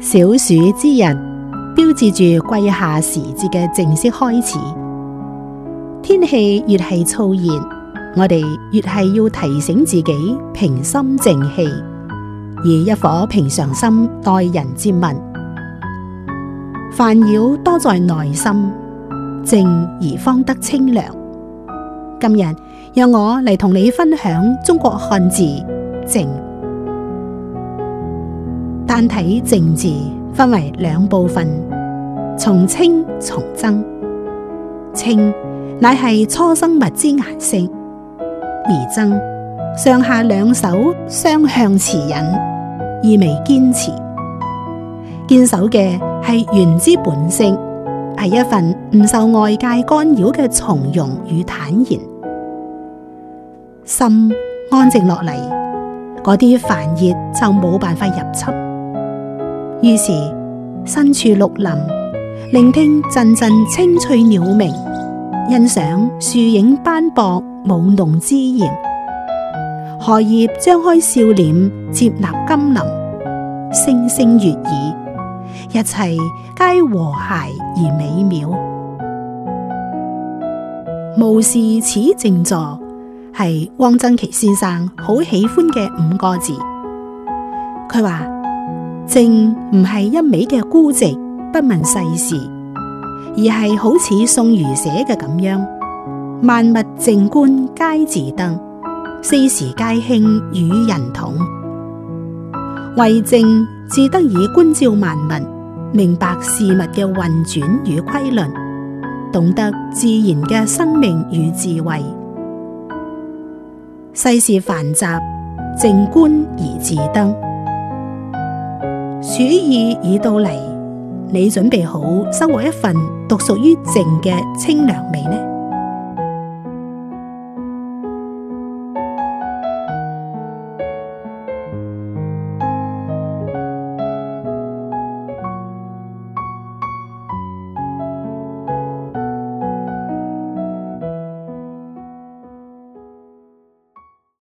小暑之日，標誌住季夏時節嘅正式開始。天氣越係燥熱，我哋越係要提醒自己平心靜氣，以一顆平常心待人接物。煩擾多在內心，靜而方得清涼。今日讓我嚟同你分享中國漢字“靜”。單體靜字分為兩部分，從青從爭。青乃係初生物之顏色，而爭上下兩手相向持引，意味堅持。堅守嘅係原之本性，係一份唔受外界干擾嘅從容與坦然。心安靜落嚟，嗰啲煩熱就冇辦法入侵。於是身處綠林，聆聽陣陣清脆鳥鳴，欣賞樹影斑駁、舞弄枝葉，荷葉張開笑臉接納甘霖，聲聲悅耳，一切皆和諧而美妙。無事此靜坐，係汪曾祺先生好喜歡嘅五個字。佢話。靜唔係一味嘅孤寂，不問世事，而係好似宋儒寫嘅咁樣，萬物靜觀皆自得，四時皆興與人同。為靜，自得以觀照萬物，明白事物嘅運轉與規律，懂得自然嘅生命與智慧。世事繁雜，靜觀而自得。暑意已到嚟，你準備好收穫一份獨屬於靜嘅清涼味呢？